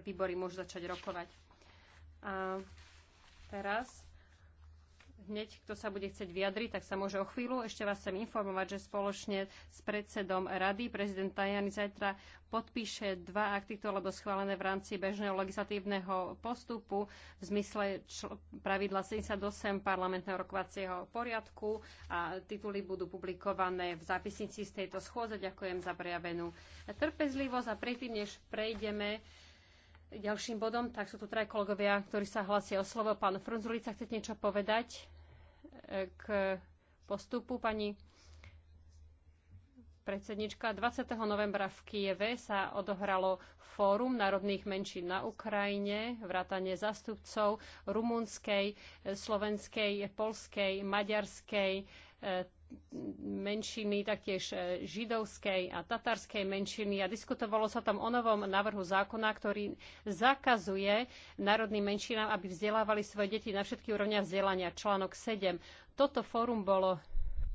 výbory môžu začať rokovať. A teraz hneď, kto sa bude chcieť vyjadriť, tak sa môže o chvíľu. Ešte vás chcem informovať, že spoločne s predsedom rady prezident Tajani zajtra podpíše dva akty, ktoré bolo schválené v rámci bežného legislatívneho postupu v zmysle pravidla 78 parlamentného rokovacieho poriadku a tituly budú publikované v zápisnici z tejto schôze. Ďakujem za prejavenú trpezlivosť a predtým, než prejdeme ďalším bodom, tak sú tu traj kolegovia, ktorí sa hlasia o slovo. Pán Frunzulica, chcete niečo povedať eh, k postupu pani predsednička. 20. novembra v Kieve sa odohralo fórum národných menšín na Ukrajine, vrátanie zastupcov rumunskej, eh, slovenskej, polskej, maďarskej, eh, menšiny, taktiež e, židovskej a tatarskej menšiny a diskutovalo sa tam o novom návrhu zákona, ktorý zakazuje národným menšinám, aby vzdelávali svoje deti na všetky úrovnia vzdelania, článok 7. Toto fórum bolo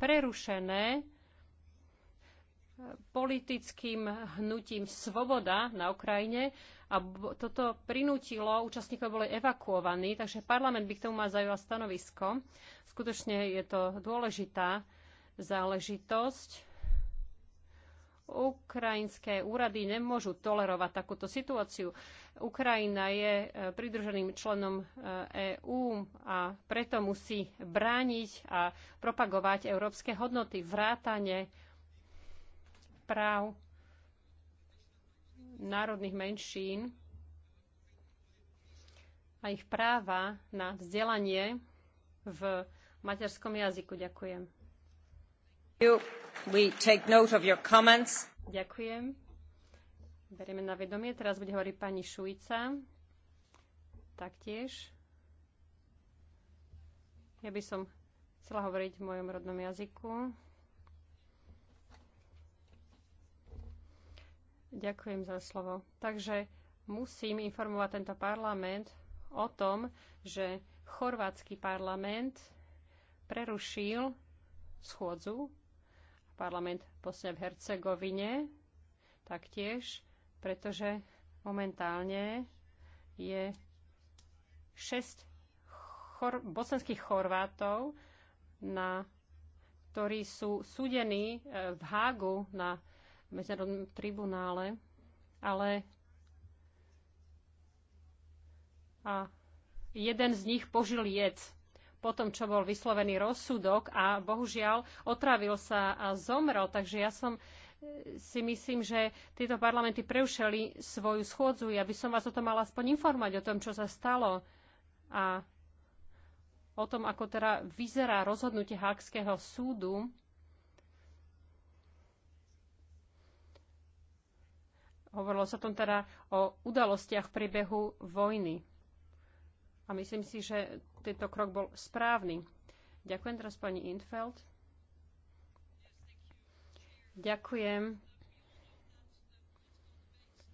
prerušené e, politickým hnutím Svoboda na Ukrajine a toto prinútilo, účastníkov boli evakuovaní, takže parlament by k tomu mal zaujal stanovisko. Skutočne je to dôležitá záležitosť. Ukrajinské úrady nemôžu tolerovať takúto situáciu. Ukrajina je e, pridruženým členom EÚ e a preto musí brániť a propagovať európske hodnoty, vrátane práv národných menšín a ich práva na vzdelanie v materskom jazyku. Ďakujem. Ďakujem. Berieme na vedomie. Teraz bude hovoriť pani Šujca. Taktiež. Ja by som chcela hovoriť v mojom rodnom jazyku. Ďakujem za slovo. Takže musím informovať tento parlament o tom, že chorvátsky parlament prerušil schôdzu parlament Bosne v Hercegovine taktiež, pretože momentálne je 6 chor- bosenských Chorvátov, na, ktorí sú súdení e, v Hágu na medzinárodnom tribunále, ale a jeden z nich požil jec po tom, čo bol vyslovený rozsudok a bohužiaľ otravil sa a zomrel. Takže ja som e, si myslím, že tieto parlamenty preušeli svoju schôdzu. Ja by som vás o tom mala aspoň informovať, o tom, čo sa stalo a o tom, ako teda vyzerá rozhodnutie Hákského súdu. Hovorilo sa tom teda o udalostiach v priebehu vojny. A myslím si, že tento krok bol správny. Ďakujem teraz pani Infeld. Ďakujem.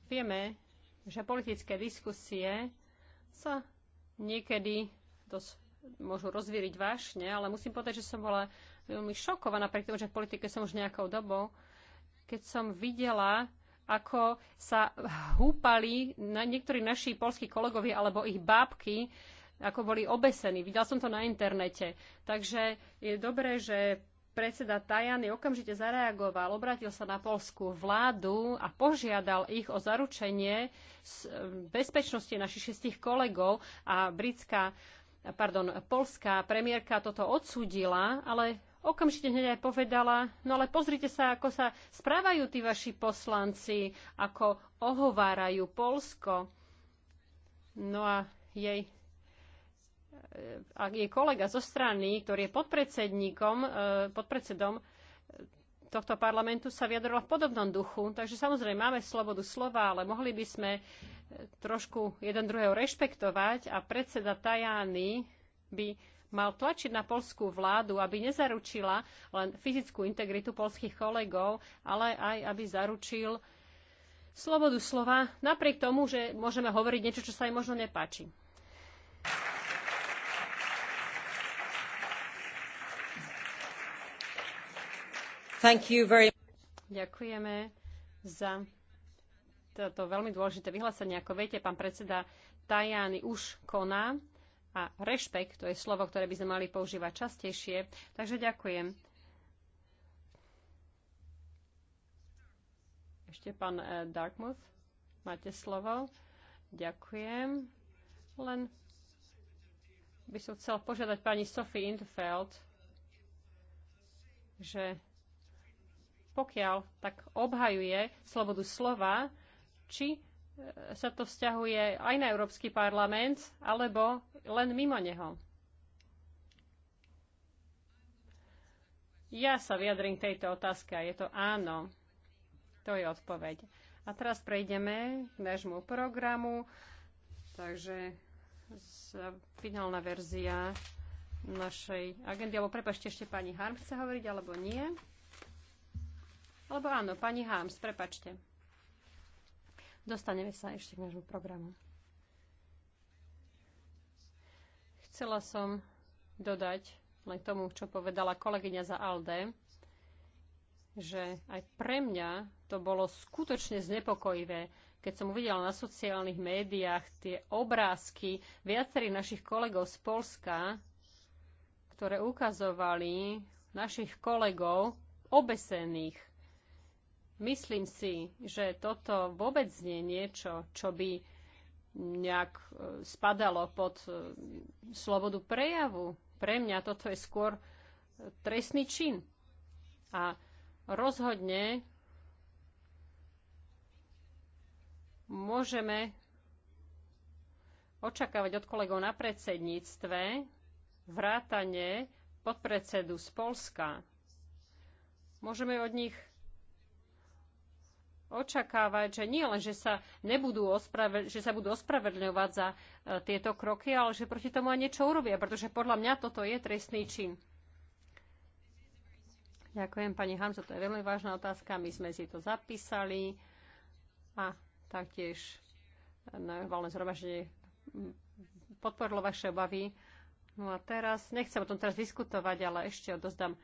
Vieme, že politické diskusie sa niekedy dosť môžu rozvíriť vášne, ale musím povedať, že som bola veľmi šokovaná, pri tom, že v politike som už nejakou dobou, keď som videla, ako sa húpali na niektorí naši polskí kolegovia alebo ich bábky ako boli obesení. Videla som to na internete. Takže je dobré, že predseda Tajany okamžite zareagoval, obratil sa na polskú vládu a požiadal ich o zaručenie e, bezpečnosti našich šestich kolegov a britská pardon, polská premiérka toto odsúdila, ale okamžite hneď aj povedala, no ale pozrite sa, ako sa správajú tí vaši poslanci, ako ohovárajú Polsko. No a jej ak je kolega zo strany, ktorý je podpredsedníkom, e, podpredsedom e, tohto parlamentu sa vyjadrovala v podobnom duchu. Takže samozrejme máme slobodu slova, ale mohli by sme e, trošku jeden druhého rešpektovať a predseda Tajány by mal tlačiť na polskú vládu, aby nezaručila len fyzickú integritu polských kolegov, ale aj aby zaručil slobodu slova, napriek tomu, že môžeme hovoriť niečo, čo sa im možno nepáči. Ďakujeme za toto veľmi dôležité vyhlásenie. Ako viete, pán predseda Tajani už koná a rešpekt, to je slovo, ktoré by sme mali používať častejšie. Takže ďakujem. Ešte pán eh, Dartmouth, máte slovo. Ďakujem. Len by som chcel požiadať pani Sophie Intfeld, že pokiaľ tak obhajuje slobodu slova, či e, sa to vzťahuje aj na Európsky parlament, alebo len mimo neho. Ja sa vyjadrím k tejto otázke a je to áno. To je odpoveď. A teraz prejdeme k nášmu programu. Takže finálna verzia našej agendy. Alebo prepašte, ešte pani Harm chce hovoriť, alebo nie? Alebo áno, pani Háms, prepačte. Dostaneme sa ešte k nášmu programu. Chcela som dodať len k tomu, čo povedala kolegyňa za ALDE, že aj pre mňa to bolo skutočne znepokojivé, keď som uvidela na sociálnych médiách tie obrázky viacerých našich kolegov z Polska, ktoré ukazovali našich kolegov obesených Myslím si, že toto vôbec nie je niečo, čo by nejak e, spadalo pod e, slobodu prejavu. Pre mňa toto je skôr e, trestný čin. A rozhodne môžeme očakávať od kolegov na predsedníctve vrátanie podpredsedu z Polska. Môžeme od nich očakávať, že nie len, že sa, nebudú ospravedl- že sa budú ospravedlňovať za e, tieto kroky, ale že proti tomu aj niečo urobia, pretože podľa mňa toto je trestný čin. Ďakujem, pani Hamzo, to je veľmi vážna otázka. My sme si to zapísali a taktiež e, valné zhromaždenie podporilo vaše obavy. No a teraz, nechcem o tom teraz diskutovať, ale ešte odozdám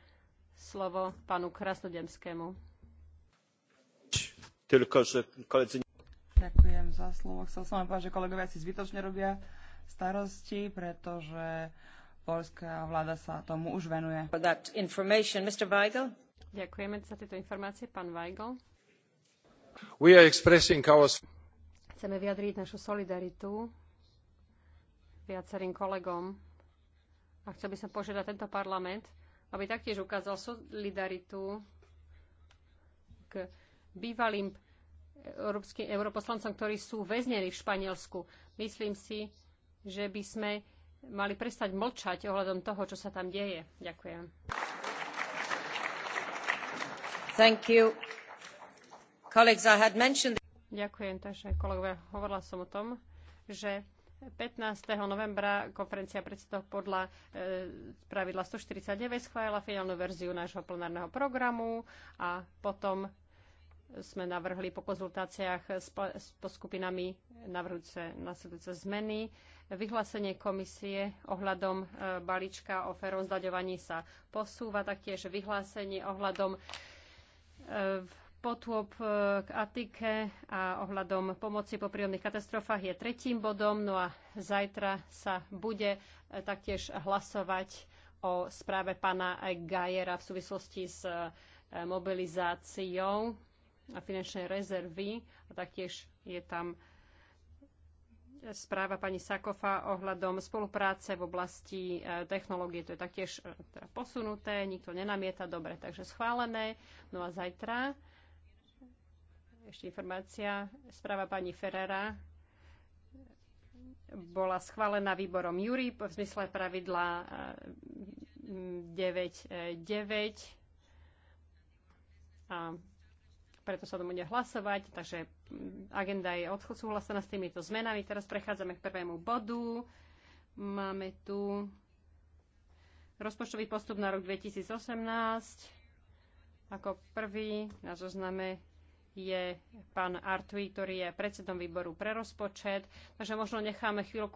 slovo pánu Krasnodemskému tylko że koledzy... Ďakujem za slovo. Chcel som vám povedať, že kolegovia si zbytočne robia starosti, pretože polská vláda sa tomu už venuje. Ďakujeme za tieto informácie, pán Weigl. We are expressing our... Chceme vyjadriť našu solidaritu viacerým kolegom a chcel by som požiadať tento parlament, aby taktiež ukázal solidaritu k bývalým eh, európskym europoslancom, ktorí sú väznení v Španielsku. Myslím si, že by sme mali prestať mlčať ohľadom toho, čo sa tam deje. Ďakujem. Thank you. Colleagues, I had mentioned... Ďakujem, takže kolegovia, hovorila som o tom, že 15. novembra konferencia predsedov podľa e, pravidla 149 schválila finálnu verziu nášho plenárneho programu a potom sme navrhli po konzultáciách s, po skupinami navrhujúce nasledujúce zmeny. Vyhlásenie komisie ohľadom e, balíčka o ferom zdaďovaní sa posúva, taktiež vyhlásenie ohľadom e, potôb e, k Atike a ohľadom pomoci po prírodných katastrofách je tretím bodom. No a zajtra sa bude taktiež hlasovať o správe pána Gajera v súvislosti s mobilizáciou a finančné rezervy a taktiež je tam správa pani Sakofa ohľadom spolupráce v oblasti e, technológie. To je taktiež e, teda posunuté, nikto nenamieta, dobre, takže schválené. No a zajtra ešte informácia, správa pani Ferrera bola schválená výborom Júri v zmysle pravidla 9.9 e, a preto sa o bude hlasovať. Takže agenda je odchod súhlasená s týmito zmenami. Teraz prechádzame k prvému bodu. Máme tu rozpočtový postup na rok 2018. Ako prvý na zozname je pán Artui, ktorý je predsedom výboru pre rozpočet. Takže možno necháme chvíľku